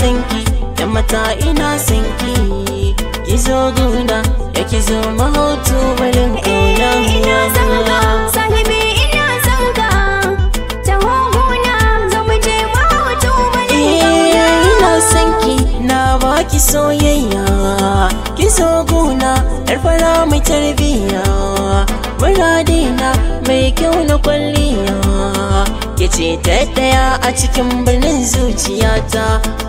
sanki da mata ina sanki ki zo da ki zo mahautu balin ƙauna ina zanga sahibi ina zanga ta guna zo mu je mahautu balin eh, ina sanki na baki soyayya ki zo guna yar fara mai tarbiyya muradina mai kyau na kwalliya ke ce ta ɗaya a cikin ta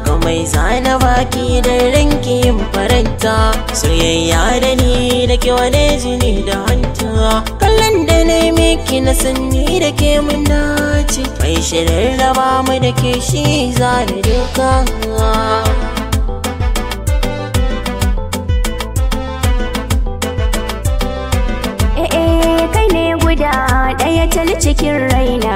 ga mai zana baki da ranki yin faranta soyayya da ni da ke wane jini da hanta kallon da na yi miki na sanni da ke mun naci mai shirin raba mu da ke shi zane duka eh, eh, kai ne guda ɗaya tal cikin raina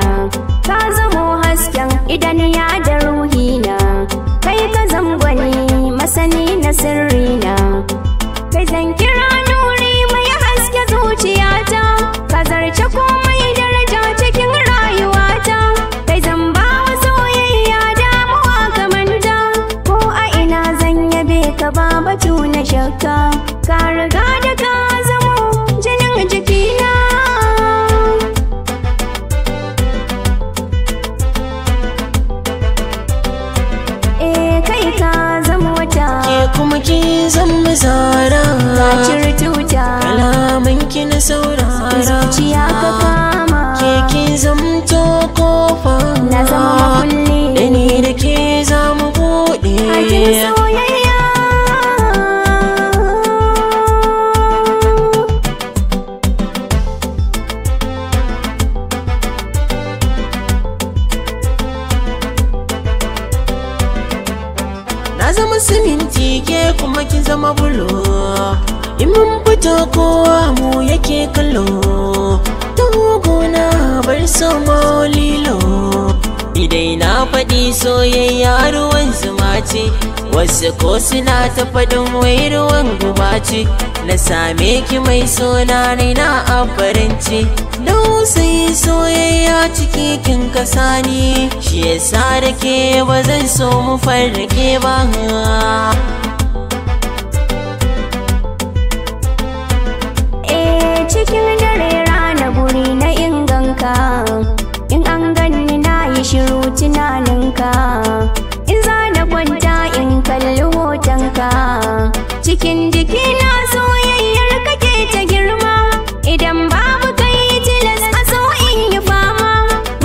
batu na shakka ka riga da ka zamo jinin jikina eh kai ka zama wata ke kuma ki zama zara ka cire tuta alamun ki na saurara zuciya ka kama ke ki zamto kofa na zama makulli da ni da ke zamu buɗe na zama siminti ke kuma ki zama bulo in mun fito kowa mu yake ka soyayya ruwan zumaci ce wasu ko suna ta faɗin wai ruwan na same ki mai sona ne na abarinci don sai soyayya ciki kin kasa ni shi yasa da ke ba zan so mu farrake ba eh, cikin dare rana guri na inganka shiru tunaninka in za na kwanta in kalli hotonka cikin jikina soyayyar kake ta girma idan babu kai tilas a so in yi fama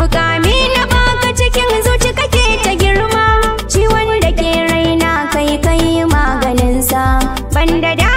mukami na baka cikin zuci kake ta girma ciwon da ke raina kai kai maganinsa banda da